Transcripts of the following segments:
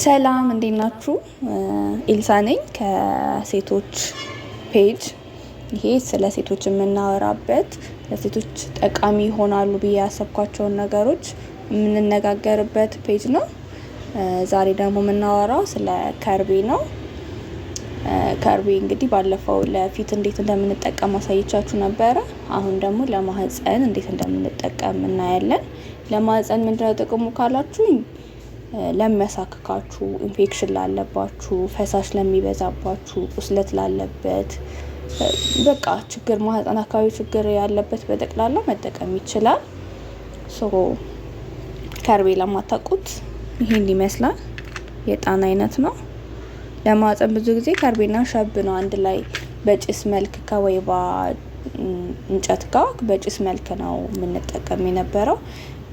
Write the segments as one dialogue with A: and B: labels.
A: ሰላም እንዴት ናችሁ? ኤልሳ ነኝ ከሴቶች ፔጅ። ይሄ ስለ ሴቶች የምናወራበት ለሴቶች ጠቃሚ ይሆናሉ ብዬ ያሰብኳቸውን ነገሮች የምንነጋገርበት ፔጅ ነው። ዛሬ ደግሞ የምናወራው ስለ ከርቤ ነው። ከርቤ እንግዲህ ባለፈው ለፊት እንዴት እንደምንጠቀም አሳይቻችሁ ነበረ። አሁን ደግሞ ለማህፀን እንዴት እንደምንጠቀም እናያለን። ለማህፀን ምንድነው ጥቅሙ ካላችሁ ለሚያሳክካችሁ፣ ኢንፌክሽን ላለባችሁ፣ ፈሳሽ ለሚበዛባችሁ፣ ቁስለት ላለበት በቃ ችግር ማህፀን አካባቢ ችግር ያለበት በጠቅላላ መጠቀም ይችላል። ከርቤ ለማታውቁት ይህን ይመስላል። የጣን አይነት ነው። ለማህፀን ብዙ ጊዜ ከርቤና ሸብ ነው አንድ ላይ በጭስ መልክ ከወይባ እንጨት ጋር በጭስ መልክ ነው የምንጠቀም የነበረው።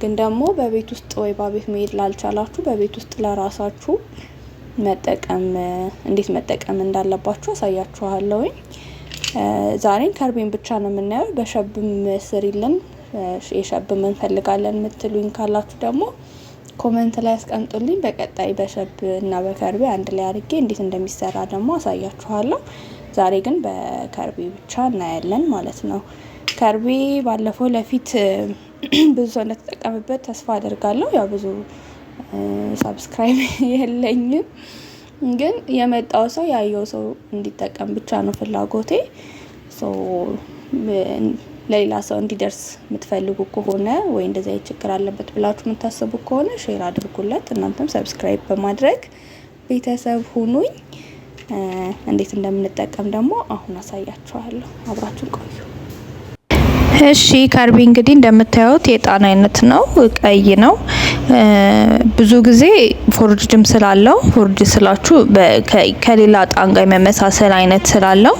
A: ግን ደግሞ በቤት ውስጥ ወይ ባቤት መሄድ ላልቻላችሁ በቤት ውስጥ ለራሳችሁ መጠቀም እንዴት መጠቀም እንዳለባችሁ አሳያችኋለሁኝ። ዛሬን ከርቤን ብቻ ነው የምናየው። በሸብም ስሪልን የሸብም እንፈልጋለን የምትሉኝ ካላችሁ ደግሞ ኮመንት ላይ አስቀምጡልኝ። በቀጣይ በሸብ እና በከርቤ አንድ ላይ አድርጌ እንዴት እንደሚሰራ ደግሞ አሳያችኋለሁ። ዛሬ ግን በከርቤ ብቻ እናያለን ማለት ነው። ከርቤ ባለፈው ለፊት ብዙ ሰው እንደተጠቀምበት ተስፋ አደርጋለሁ። ያው ብዙ ሳብስክራይብ የለኝም፣ ግን የመጣው ሰው ያየው ሰው እንዲጠቀም ብቻ ነው ፍላጎቴ። ለሌላ ሰው እንዲደርስ የምትፈልጉ ከሆነ ወይ እንደዚያ ችግር አለበት ብላችሁ የምታስቡ ከሆነ ሼር አድርጉለት። እናንተም ሰብስክራይብ በማድረግ ቤተሰብ ሁኑኝ። እንዴት እንደምንጠቀም ደግሞ አሁን አሳያችኋለሁ። አብራችን ቆዩ። እሺ ካርቢ እንግዲህ እንደምታዩት የጣን አይነት ነው፣ ቀይ ነው። ብዙ ጊዜ ፎርጅድም ስላለው ፎርጅ ስላችሁ ከሌላ ጣን ጋር የመመሳሰል አይነት ስላለው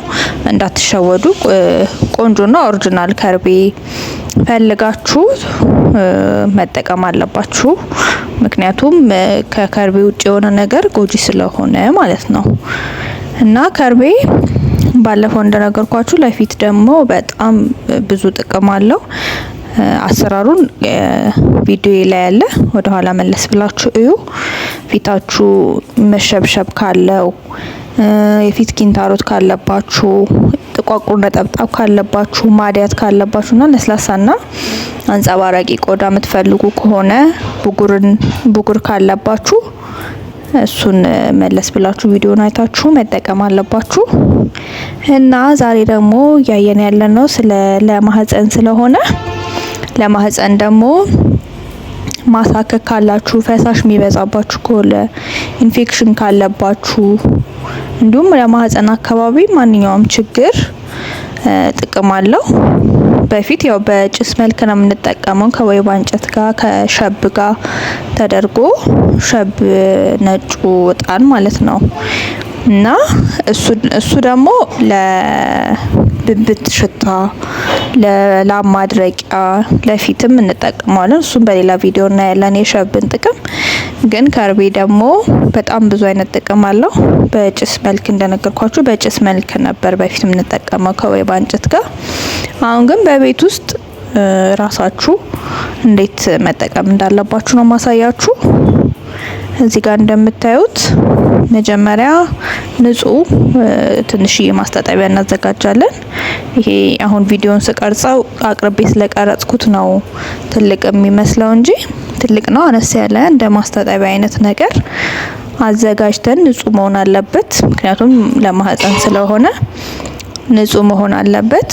A: እንዳትሸወዱ። ቆንጆና ኦሪጂናል ከርቢ ፈልጋችሁ መጠቀም አለባችሁ። ምክንያቱም ከከርቢ ውጭ የሆነ ነገር ጎጂ ስለሆነ ማለት ነው እና ከርቤ ባለፈው እንደነገርኳችሁ ለፊት ደግሞ በጣም ብዙ ጥቅም አለው። አሰራሩን ቪዲዮ ላይ ያለ ወደ ኋላ መለስ ብላችሁ እዩ። ፊታችሁ መሸብሸብ ካለው፣ የፊት ኪንታሮት ካለባችሁ፣ ጥቋቁር ነጠብጣብ ካለባችሁ፣ ማዲያት ካለባችሁ ካለባችሁና ለስላሳና አንጸባራቂ ቆዳ የምትፈልጉ ከሆነ፣ ቡጉርን ብጉር ካለባችሁ እሱን መለስ ብላችሁ ቪዲዮን አይታችሁ መጠቀም አለባችሁ። እና ዛሬ ደግሞ እያየን ያለነው ስለ ለማህፀን ስለሆነ ለማህፀን ደግሞ ማሳከክ ካላችሁ፣ ፈሳሽ የሚበዛባችሁ ከሆነ፣ ኢንፌክሽን ካለባችሁ እንዲሁም ለማህፀን አካባቢ ማንኛውም ችግር ጥቅም አለው። በፊት ያው በጭስ መልክ ነው የምንጠቀመው ከወይባ እንጨት ጋር ከሸብ ጋር ተደርጎ ሸብ ነጩ እጣን ማለት ነው። እና እሱ ደግሞ ለብብት ሽታ፣ ለላብ ማድረቂያ፣ ለፊትም እንጠቀመዋለን። እሱም በሌላ ቪዲዮ እናያለን የሸብን ጥቅም። ግን ከርቤ ደግሞ በጣም ብዙ አይነት ጥቅም አለው። በጭስ መልክ እንደነገርኳችሁ በጭስ መልክ ነበር በፊት የምንጠቀመው ከወይባ እንጨት ጋር። አሁን ግን በቤት ውስጥ ራሳችሁ እንዴት መጠቀም እንዳለባችሁ ነው ማሳያችሁ። እዚህ ጋር እንደምታዩት መጀመሪያ ንጹህ ትንሽዬ ማስታጠቢያ እናዘጋጃለን። ይሄ አሁን ቪዲዮን ስቀርጸው አቅርቤ ስለቀረጽኩት ነው ትልቅ የሚመስለው እንጂ ትልቅ ነው። አነስ ያለ እንደ ማስታጠቢያ አይነት ነገር አዘጋጅተን ንጹህ መሆን አለበት። ምክንያቱም ለማህፀን ስለሆነ ንጹህ መሆን አለበት።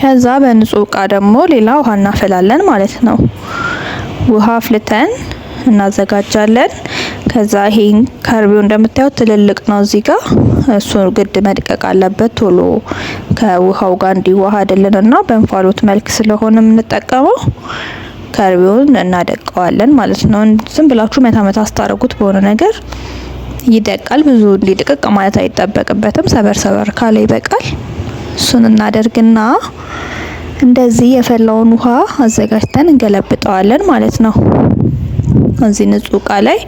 A: ከዛ በንጹህ እቃ ደግሞ ሌላ ውሃ እናፈላለን ማለት ነው። ውሃ አፍልተን እናዘጋጃለን። ከዛ ይሄ ከርቤው እንደምታዩት ትልልቅ ነው እዚህ ጋር እሱ ግድ መድቀቅ አለበት ቶሎ ከውሃው ጋር እንዲዋሃድልን እና በእንፋሎት መልክ ስለሆነ የምንጠቀመው ከርቤውን እናደቀዋለን ማለት ነው። ዝም ብላችሁ መታ መታ አስታረጉት በሆነ ነገር ይደቃል። ብዙ እንዲድቅቅ ማለት አይጠበቅበትም። ሰበር ሰበር ካለ ይበቃል። እሱን እናደርግና እንደዚህ የፈላውን ውሃ አዘጋጅተን እንገለብጠዋለን ማለት ነው። እዚህ ንጹህ እቃ ላይ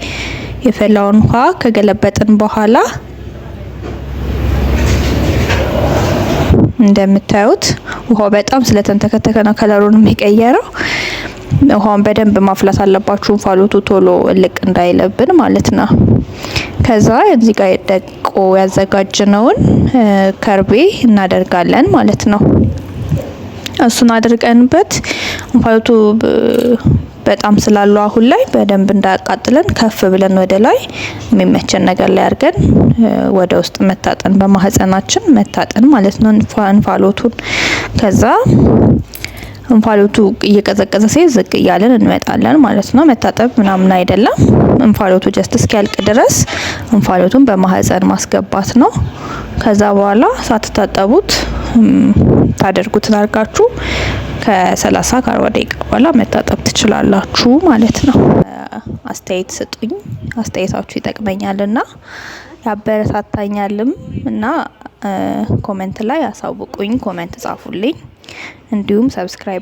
A: የፈላውን ውሃ ከገለበጥን በኋላ እንደምታዩት ውሃው በጣም ስለተንተከተከ ነው ከለሩን የሚቀየረው። ውሃውን በደንብ ማፍላት አለባችሁ፣ እንፋሎቱ ቶሎ እልቅ እንዳይለብን ማለት ነው። ከዛ እዚህ ጋር ደቆ ያዘጋጅነውን ከርቤ እናደርጋለን ማለት ነው። እሱን አድርገንበት እንፋሎቱ በጣም ስላሉ አሁን ላይ በደንብ እንዳያቃጥለን ከፍ ብለን ወደ ላይ የሚመቸን ነገር ላይ አድርገን ወደ ውስጥ መታጠን በማህፀናችን መታጠን ማለት ነው እንፋሎቱን ከዛ እንፋሎቱ እየቀዘቀዘ ሴ ዝቅ እያለን እንመጣለን ማለት ነው። መታጠብ ምናምን አይደለም። እንፋሎቱ ጀስት እስኪያልቅ ድረስ እንፋሎቱን በማህፀን ማስገባት ነው። ከዛ በኋላ ሳትታጠቡት ታደርጉት አድርጋችሁ ከሰላሳ ከአርባ ደቂቃ በኋላ መታጠብ ትችላላችሁ ማለት ነው። አስተያየት ስጡኝ። አስተያየታችሁ ይጠቅመኛል እና ያበረታታኛልም እና ኮመንት ላይ አሳውቁኝ፣ ኮመንት ጻፉልኝ። እንዲሁም ሰብስክራይብ